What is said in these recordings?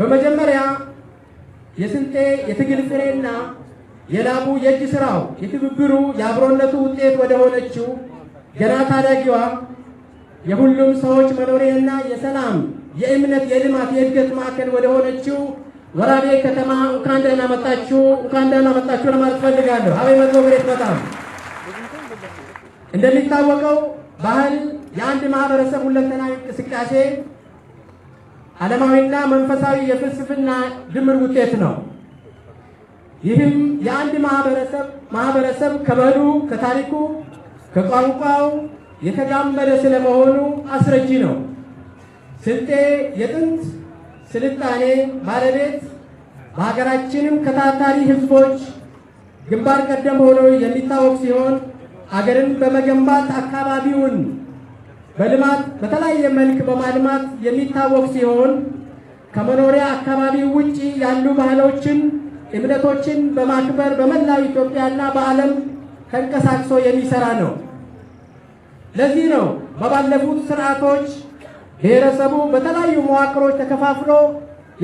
በመጀመሪያ የስንቴ የትግል ፍሬና የላቡ የእጅ ስራው የትብብሩ የአብሮነቱ ውጤት ወደ ሆነችው ገና ታዳጊዋ የሁሉም ሰዎች መኖሪያና የሰላም የእምነት የልማት የእድገት ማዕከል ወደ ሆነችው ወራቤ ከተማ እንኳን ደህና መጣችሁ እንኳን ደህና መጣችሁ ለማለት ፈልጋለሁ። አቤ መቶ ብሬት በጣም እንደሚታወቀው ባህል የአንድ ማህበረሰብ ሁለንተናዊ እንቅስቃሴ ዓለማዊና መንፈሳዊ የፍልስፍና ድምር ውጤት ነው። ይህም የአንድ ማህበረሰብ ማህበረሰብ ከባህሉ፣ ከታሪኩ፣ ከቋንቋው የተጋመደ ስለመሆኑ አስረጂ ነው። ስልጤ የጥንት ስልጣኔ ባለቤት በሀገራችንም ከታታሪ ህዝቦች ግንባር ቀደም ሆኖ የሚታወቅ ሲሆን አገርን በመገንባት አካባቢውን በልማት በተለያየ መልክ በማልማት የሚታወቅ ሲሆን ከመኖሪያ አካባቢ ውጭ ያሉ ባህሎችን፣ እምነቶችን በማክበር በመላው ኢትዮጵያና በዓለም ተንቀሳቅሶ የሚሰራ ነው። ለዚህ ነው በባለፉት ስርዓቶች ብሔረሰቡ በተለያዩ መዋቅሮች ተከፋፍሎ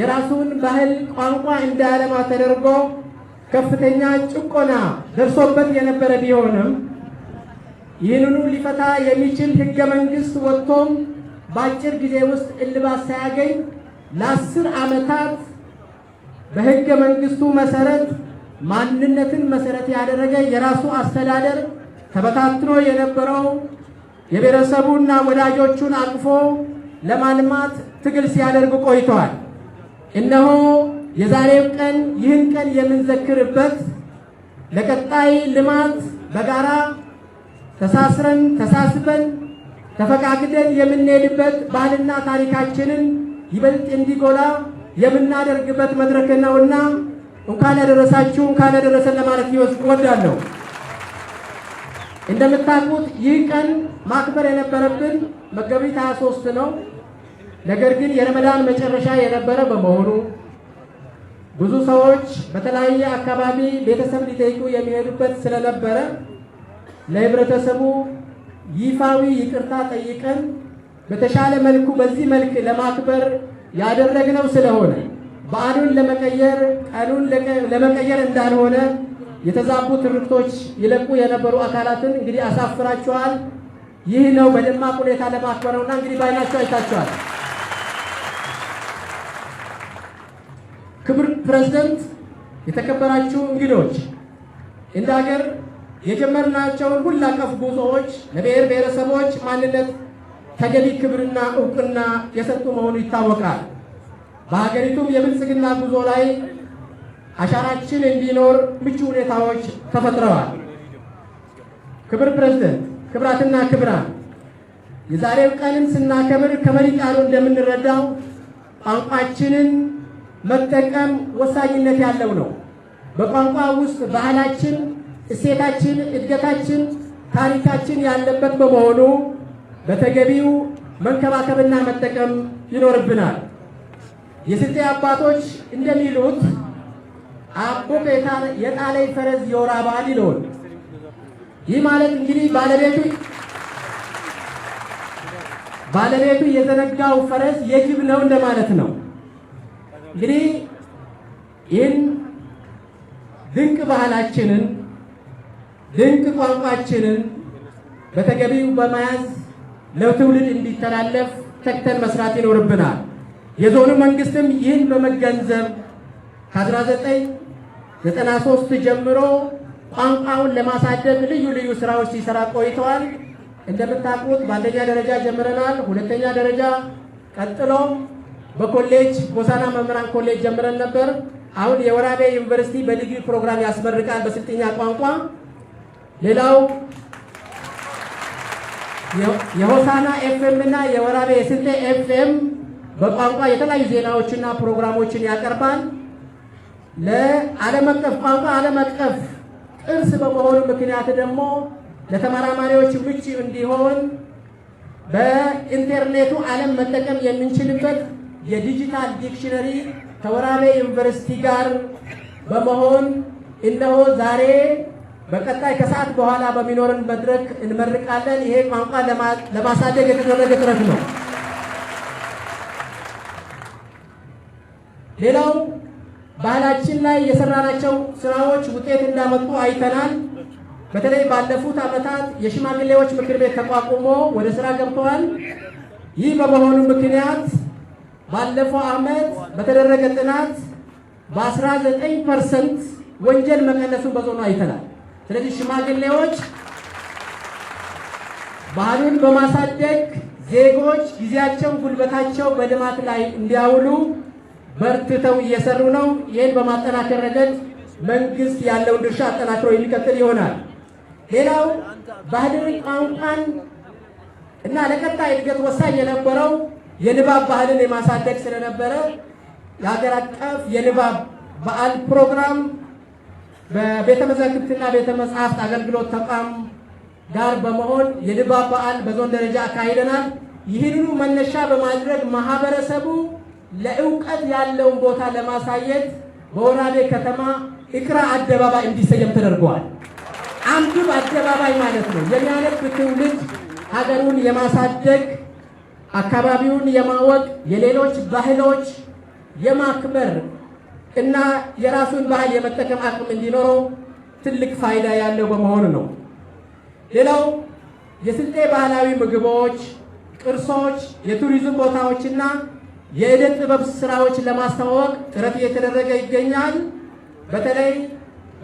የራሱን ባህል፣ ቋንቋ እንዳያለማ ተደርጎ ከፍተኛ ጭቆና ደርሶበት የነበረ ቢሆንም ይህንኑ ሊፈታ የሚችል ህገ መንግስት ወጥቶም በአጭር ጊዜ ውስጥ እልባት ሳያገኝ ለአስር ዓመታት በህገ መንግስቱ መሰረት ማንነትን መሰረት ያደረገ የራሱ አስተዳደር ተበታትኖ የነበረው የብሔረሰቡና ወዳጆቹን አቅፎ ለማልማት ትግል ሲያደርጉ ቆይተዋል። እነሆ የዛሬው ቀን ይህን ቀን የምንዘክርበት ለቀጣይ ልማት በጋራ ተሳስረን ተሳስበን ተፈቃቅደን የምንሄድበት ባህልና ታሪካችንን ይበልጥ እንዲጎላ የምናደርግበት መድረክ ነውና እንኳን ያደረሳችሁ እንኳን ያደረሰን ለማለት እወዳለሁ። እንደምታውቁት ይህ ቀን ማክበር የነበረብን መጋቢት 23 ነው። ነገር ግን የረመዳን መጨረሻ የነበረ በመሆኑ ብዙ ሰዎች በተለያየ አካባቢ ቤተሰብ ሊጠይቁ የሚሄዱበት ስለነበረ ለህብረተሰቡ ይፋዊ ይቅርታ ጠይቀን በተሻለ መልኩ በዚህ መልክ ለማክበር ያደረግነው ስለሆነ በዓሉን ለመቀየር ቀኑን ለመቀየር እንዳልሆነ የተዛቡ ትርክቶች ይለቁ የነበሩ አካላትን እንግዲህ አሳፍራችኋል። ይህ ነው በደማቅ ሁኔታ ለማክበር ነውና እንግዲህ ባይናቸው አይታችኋል። ክብር ፕሬዝደንት፣ የተከበራችሁ እንግዶች እንደ ሀገር የጀመርናቸውን ሁሉ አቀፍ ጉዞዎች ለብሔር ብሔረሰቦች ማንነት ተገቢ ክብርና እውቅና የሰጡ መሆኑ ይታወቃል። በሀገሪቱም የብልጽግና ጉዞ ላይ አሻራችን እንዲኖር ምቹ ሁኔታዎች ተፈጥረዋል። ክብር ፕሬዝደንት፣ ክብራትና ክብራን የዛሬው ቀንን ስናከብር ከመሪ ቃሉ እንደምንረዳው ቋንቋችንን መጠቀም ወሳኝነት ያለው ነው። በቋንቋ ውስጥ ባህላችን እሴታችን፣ እድገታችን፣ ታሪካችን ያለበት በመሆኑ በተገቢው መንከባከብና መጠቀም ይኖርብናል። የስልጤ አባቶች እንደሚሉት አቦቅ የጣለኝ ፈረስ የወራ በዓል ይለውን። ይህ ማለት እንግዲህ ባለቤቱ ባለቤቱ የዘነጋው ፈረስ የጅብ ነው እንደማለት ነው። እንግዲህ ይህን ድንቅ ባህላችንን ድንቅ ቋንቋችንን በተገቢው በመያዝ ለትውልድ እንዲተላለፍ ተክተን መስራት ይኖርብናል። የዞኑ መንግስትም ይህን በመገንዘብ ከ1993 ጀምሮ ቋንቋውን ለማሳደግ ልዩ ልዩ ስራዎች ሲሰራ ቆይተዋል። እንደምታውቁት በአንደኛ ደረጃ ጀምረናል። ሁለተኛ ደረጃ ቀጥሎ በኮሌጅ ሆሳና መምህራን ኮሌጅ ጀምረን ነበር። አሁን የወራቤ ዩኒቨርሲቲ በዲግሪ ፕሮግራም ያስመርቃል በስልጥኛ ቋንቋ ሌላው የሆሳና ኤፍኤም እና የወራቤ የስልጤ ኤፍኤም በቋንቋ የተለያዩ ዜናዎችና ፕሮግራሞችን ያቀርባል። ለዓለም አቀፍ ቋንቋ ዓለም አቀፍ ጥርስ በመሆኑ ምክንያት ደግሞ ለተመራማሪዎች ምቹ እንዲሆን በኢንተርኔቱ ዓለም መጠቀም የምንችልበት የዲጂታል ዲክሽነሪ ከወራቤ ዩኒቨርሲቲ ጋር በመሆን እነሆ ዛሬ በቀጣይ ከሰዓት በኋላ በሚኖርን መድረክ እንመርቃለን። ይሄ ቋንቋ ለማሳደግ የተደረገ ጥረት ነው። ሌላው ባህላችን ላይ የሰራናቸው ስራዎች ውጤት እንዳመጡ አይተናል። በተለይ ባለፉት ዓመታት የሽማግሌዎች ምክር ቤት ተቋቁሞ ወደ ስራ ገብተዋል። ይህ በመሆኑ ምክንያት ባለፈው ዓመት በተደረገ ጥናት በ19 ፐርሰንት ወንጀል መቀነሱን በዞኑ አይተናል። ስለዚህ ሽማግሌዎች ባህሉን በማሳደግ ዜጎች ጊዜያቸው፣ ጉልበታቸው በልማት ላይ እንዲያውሉ በርትተው እየሰሩ ነው። ይህን በማጠናከር ረገድ መንግስት ያለውን ድርሻ አጠናክሮ የሚቀጥል ይሆናል። ሌላው ባህልን፣ ቋንቋን እና ለቀጣይ እድገት ወሳኝ የነበረው የንባብ ባህልን የማሳደግ ስለነበረ የሀገር አቀፍ የንባብ በዓል ፕሮግራም በቤተ መዛግብትና ቤተ መጽሐፍት አገልግሎት ተቋም ጋር በመሆን የድባብ በዓል በዞን ደረጃ አካሂደናል። ይህንኑ መነሻ በማድረግ ማህበረሰቡ ለእውቀት ያለውን ቦታ ለማሳየት በወራቤ ከተማ እቅራ አደባባይ እንዲሰየም ተደርገዋል። አንዱም አደባባይ ማለት ነው የሚያነብ ትውልድ ሀገሩን የማሳደግ አካባቢውን የማወቅ የሌሎች ባህሎች የማክበር እና የራሱን ባህል የመጠቀም አቅም እንዲኖረው ትልቅ ፋይዳ ያለው በመሆኑ ነው። ሌላው የስልጤ ባህላዊ ምግቦች፣ ቅርሶች፣ የቱሪዝም ቦታዎችና የእደ ጥበብ ስራዎች ለማስተዋወቅ ጥረት እየተደረገ ይገኛል። በተለይ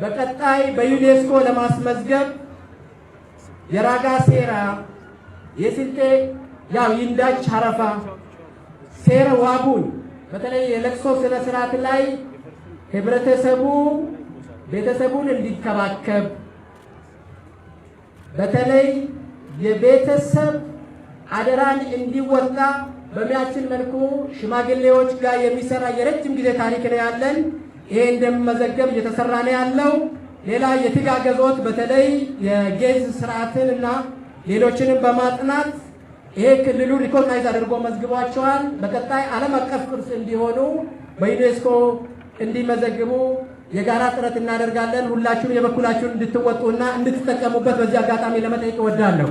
በቀጣይ በዩኔስኮ ለማስመዝገብ የራጋ ሴራ፣ የስልጤ ያው ይንዳች አረፋ ሴር ዋቡን በተለይ የለቅሶ ስነ ስርዓት ላይ ህብረተሰቡ ቤተሰቡን እንዲከባከብ በተለይ የቤተሰብ አደራን እንዲወጣ በሚያችን መልኩ ሽማግሌዎች ጋር የሚሰራ የረጅም ጊዜ ታሪክ ነው ያለን። ይሄ እንደሚመዘገብ እየተሰራ ነው ያለው። ሌላ የትጋገዞት በተለይ የጌዝ ስርዓትን እና ሌሎችንም በማጥናት ይሄ ክልሉ ሪኮግናይዝ አድርጎ መዝግቧቸዋል። በቀጣይ ዓለም አቀፍ ቅርስ እንዲሆኑ በዩኔስኮ እንዲመዘግቡ የጋራ ጥረት እናደርጋለን። ሁላችሁም የበኩላችሁን እንድትወጡና እንድትጠቀሙበት በዚህ አጋጣሚ ለመጠየቅ እወዳለሁ።